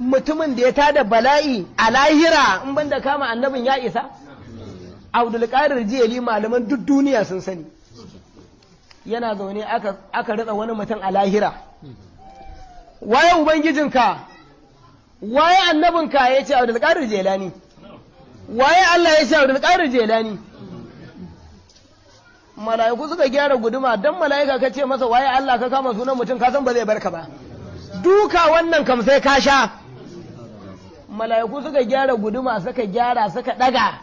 mutumin da ya tada bala'i a lahira in ban da kama annabin ya isa abdulkadir jiyali malaman duk duniya sun sani yana zaune aka ritsa wani mutum a lahira waye ubangijinka waye annabinka ya ce abdulkadir jelani waye allah ya ce abdulkadir jelani mala'iku suka gyara guduma don mala'ika ka ce masa waye allah ka kama sunan mutum ka san ba zai barka ba duka wannan kam sai ka sha mala'iku suka gyara guduma suka gyara suka daga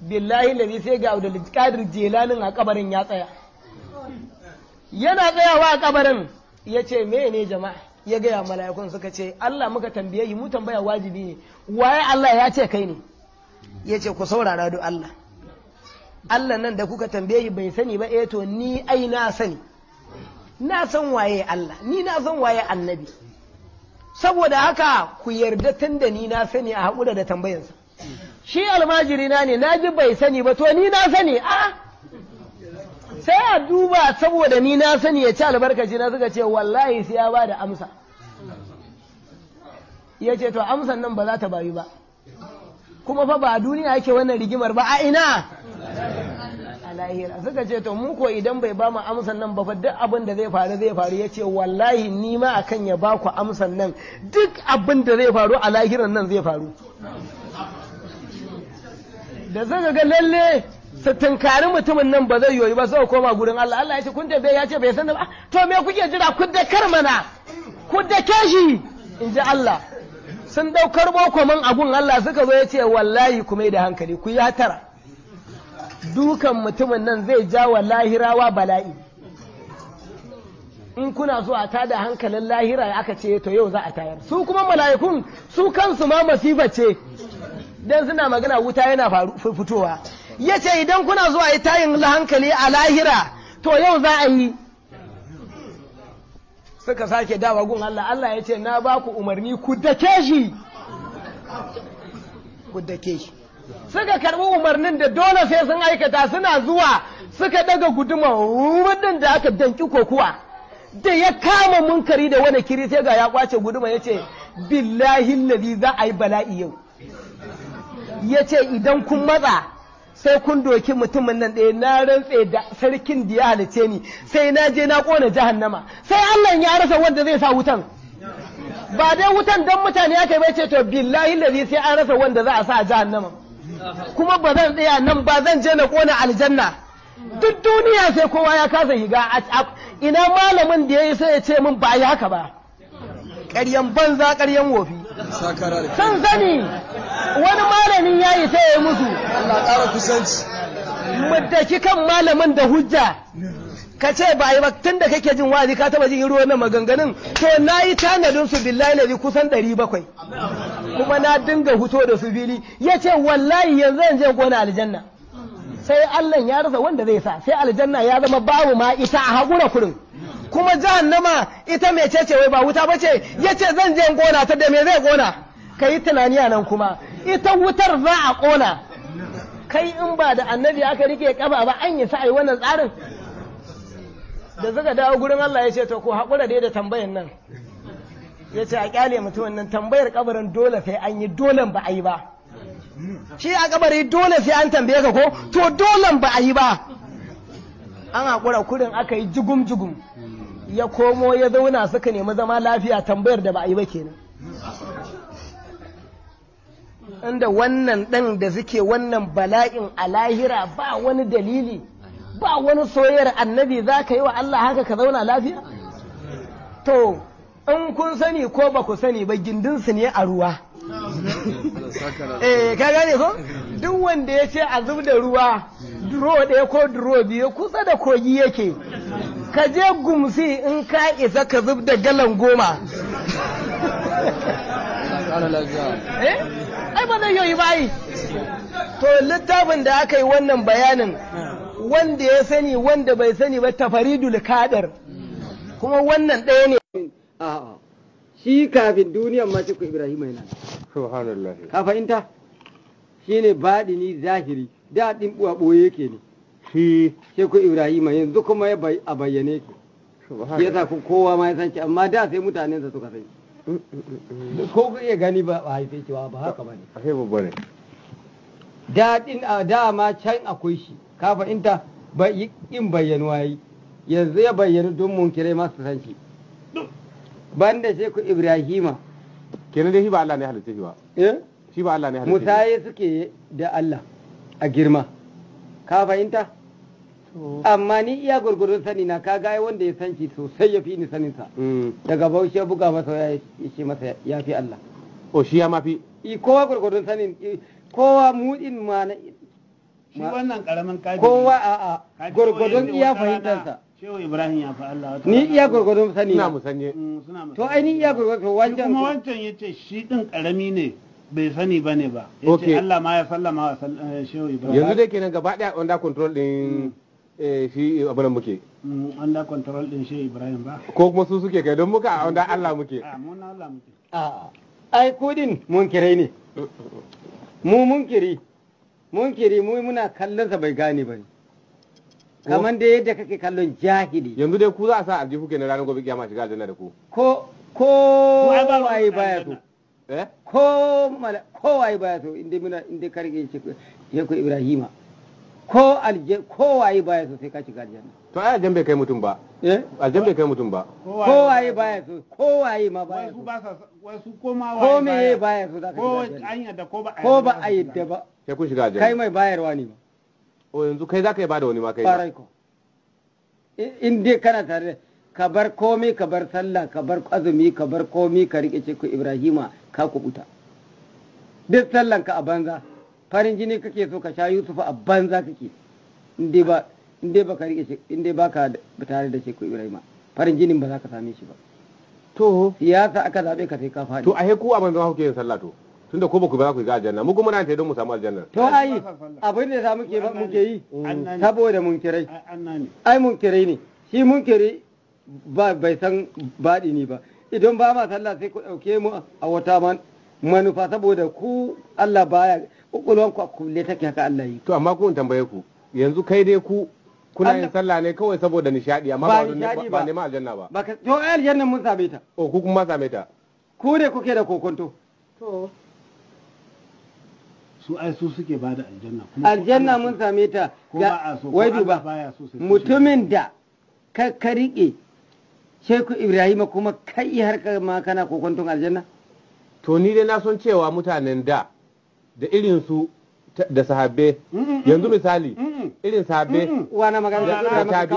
billahi lazi sai ga kadir jelanin a kabarin ya tsaya yana tsayawa a kabarin ya ce ne jama'a ya gaya mala'ikun suka ce Allah muka tambaye yi mu tambaya wajibi ne waye Allah ya ce kai ne ya ce ku saurara do Allah Allah nan da kuka tambaye bai sani ba eto eh to ni ai sani na san waye Allah ni na san waye annabi saboda haka ku yarda tun da ni na sani a haƙura da tambayansa shi almajiri na ne na ji bai sani ba to ni na sani a sai a duba saboda ni na sani ya ci albarkaci na suka ce wallahi sai ya ba da amsa ya ce to amsan nan ba za ta bayu ba kuma fa ba a duniya yake wannan rigimar ba a ina a lahira suka ce to mu ko idan bai ba mu amsan nan ba fa duk abin da zai faru zai faru ya ce wallahi ni ma akan ya ba ku amsan nan duk abin da zai faru a lahiran nan zai faru da suka ga lalle su tunkari mutumin nan ba zai yoyi ba sai koma gurin Allah Allah ya ce kun bai ya ce bai san ba ah, to me kuke jira ku da kar mana ku da kashi in ji Allah sun ɗaukar boko man abun Allah suka zo ya ce wallahi ku mai da hankali ku ya tara dukan mutumin nan zai jawa lahirawa bala'i in kuna zuwa a tada hankalin lahira aka ce to yau za a tayar su kuma mala'ikun su kansu ma masifa ce dan suna magana wuta yana fitowa ya ce idan kuna zuwa yi tayin hankali a lahira to yau za a yi suka sake dawa gun Allah Allah ya ce na ba ku umarni ku dake shi ku dake shi suka karbi umarnin da dole sai sun aikata suna zuwa suka daga guduma wurin da aka danki kokuwa da ya kama munkari da wani kiri sai ga ya kwace guduma ya ce billahi lalli za a yi bala'i yau ya ce idan kun matsa sai kun doki mutumin nan ɗaya na rantse da sarkin da ya halice ni sai na je na ƙona jahannama sai allah ya rasa wanda zai sa wutan ba dai wutan don mutane aka yi bai ce to billahi lalli sai an rasa wanda za a sa a jahannama kuma ba zan tsaya nan ba zan je na kona aljanna duk duniya sai kowa ya kasa higa ina malamin da ya yi sai ya ce min ba yi haka ba ƙaryan banza ƙaryan wofi san zani wani malamin ya yi sai ya yi musu Allah kan malamin da hujja ka ce ba yi ba tun da kake jin wazi ka taba jin ruwan maganganun to na yi tanadin su billahi kusan ɗari bakwai kuma na dinga huto da su fili ya ce wallahi yanzu zan je gona aljanna sai Allah ya rasa wanda zai sa sai aljanna ya zama babu ma ita a haƙura kurin kuma nama ita mai cece wai ba wuta Ya ce zan je gona ta da me zai gona yi tunani a nan kuma ita wutar za a kona kai in ba da annabi aka rike kaba ba an yi sa'ai wannan tsarin da suka dawo gurin Allah ya ce to ko haƙura dai da tambayar nan ya ce a kyale mutumin nan tambayar kabarin dole sai an yi dolen ba a yi ba shi a kabari dole sai an tambaye ka ko to dolen ba a yi ba an haƙura kurin aka yi jigum jigum ya komo ya zauna suka nemi zama lafiya tambayar da ba a yi ba kenan inda wannan ɗan da suke wannan bala'in a lahira ba wani dalili ba wani soyayyar annabi za ka yi wa Allah haka ka zauna lafiya to in kun sani ko ba ku sani ba gindinsu ne a ruwa eh ka gane ko duk wanda ya ce a zub da ruwa duro ɗaya ko duro biyu kusa da kogi yake ka je gumsi in ka isa ka zub da galan goma eh? ai ba zai yi bayi to littafin da aka yi wannan bayanin wanda ya sani wanda bai sani ba tafaridul kadar kuma wannan ɗaya ne a'a shi kafin duniyar ma cikin ibrahim yana subhanallah ka fahimta shine badini zahiri da din buwa boye yake ne shi sheku ibrahim yanzu kuma ya a bayyane ki ya sa kowa ma ya san amma da sai mutanen sa suka sani mm, mm, mm, ko ku iya gani ba a haife cewa ba haka bane a sai ne da din a dama can akwai shi ka fahimta in bayyanuwa yi yanzu ya bayyanu don munkirai masu san shi Ban da sheku ibrahima kenan dai shi ba Allah ne halitta shi ba eh? shi ba Allah ne halitta musaye suke da Allah a girma ka fahimta amma ni iya gurgurun sani na ka gaya wanda ya san shi sosai ya fi ni sanin sa mm. daga bauchi ya buga masa ya shi masa ya fi Allah o oh, shi ya mafi kowa gurgurun sanin kowa mudin ma shi kowa a a ya fa mm, ni iya sani na to ai iya wancan kuma wancan yace shi din karami ba ne Allah ma ya sallama wa eh, shehu ibrahim yanzu dai kenan gaba daya under control din mm. eh, shi abin muke mm, under control din shehu ibrahim ko kuma su suke don muka a under Allah muke a ah, mun Allah muke a ah, kudin mun kire ne mu mun kiri munkiri mu muna kallon sa bai gane ba kamar da yadda kake kallon jahili yanzu dai ku za a sa aljihu kuke na ranar gobe kiyama shiga aljanna da ku ko ko wai baya so eh? ko mala ko wai baya to inda muna inda karge shi ko ibrahima ko alje ko wai baya so sai ka shiga aljanna to ai aljan bai kai mutum ba eh? aljan bai kai mutum ba kowaye baya so kowaye ma baya so wasu koma waye ko me ye baya so ko an ko ba ko ba a yadda ba sai kun shiga aljan kai mai bayarwa ne ma. o yanzu kai zaka yi bada wani ma kai ba ko in dai kana tare ka bar komai ka bar sallah ka bar azumi ka bar komai ka rike ce ku ibrahima ka buta duk sallan ka a banza farin jini kake so ka sha yusufu a banza kake in dai ba in dai baka rike in dai baka tare da Sheku Ibrahim farin jinin ba za ka same shi ba to siyasa aka zabe ka sai ka fadi to a ku a manzo hauke yin sallah to tunda ko baku ba ku ga aljanna mu kuma nan ta don mu samu aljanna to ai abin da za muke muke yi mm. saboda mun kirai ai mun kirai ne shi mun kirai ba bai san baɗi ne ba idan ba ma sallah sai ku ɗauke mu a wata manufa saboda ku Allah baya kokolwan ku kulle take haka Allah yi to amma ku tambaye ku yanzu kai dai ku kuna yin sallah ne kawai saboda nishadi amma ba don ba ne ma aljanna ba baka to ai aljanna mun same ta oh ku kuma same ta ku ne kuke da kokonto to su ai su suke ba da aljanna kuma aljanna mun same ta wai duba mutumin da ka ka rike sheku ibrahima kuma kai har ma kana kokonton aljanna to ni dai na son cewa mutanen da da irin su da sahabbai yanzu misali irin sabe na magana da sabe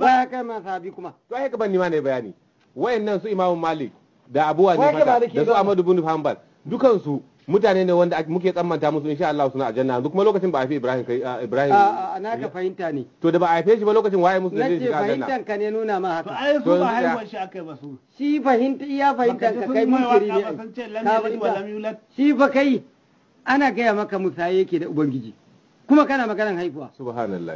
waya kai ma sabi kuma to ai gaban ni ma ne bayani wayannan su imamu malik da abuwa ne da su amadu bin hanbal dukan su mutane ne wanda muke tsammanta musu insha Allah suna aljanna yanzu kuma lokacin ba a fi Ibrahim kai Ibrahim a na ka fahimta ne to da ba a haife shi ba lokacin waye musu da zai shiga aljanna fahimtan ka ne nuna ma haka ai su ba haihuwar shi akai ba su shi fahimta iya fahimta ka kai kiri ne ka fahimta shi ba kai ana gaya maka musaye yake da ubangiji kuma kana maganan haihuwa Subhanallah.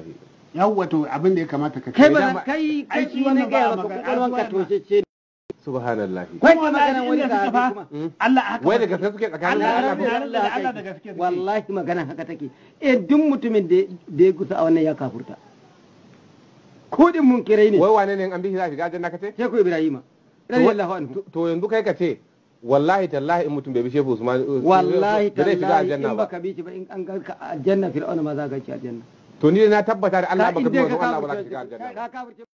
yawwa to abin da ya kamata ka kai ba kai kai ne ga ka toshece Subhanallah. kai ma magana wani ka fa Allah haka wai daga suke tsakanin Allah Allah daga suke wallahi magana haka take eh duk mutumin da da ya gusa a wannan ya kafurta ko din munkirai ne wai wane ne an bi shi za ka ga janna kace sai ku Ibrahima radiyallahu anhu to yanzu kai ka ce wallahi tallahi in mutum bai bi shehu eh, usman wallahi tallahi in baka bi ba in an ganka aljanna fir'auna ma za ka ci aljanna to ni na tabbata da Allah baka bi manzon Allah ba za ka shiga aljanna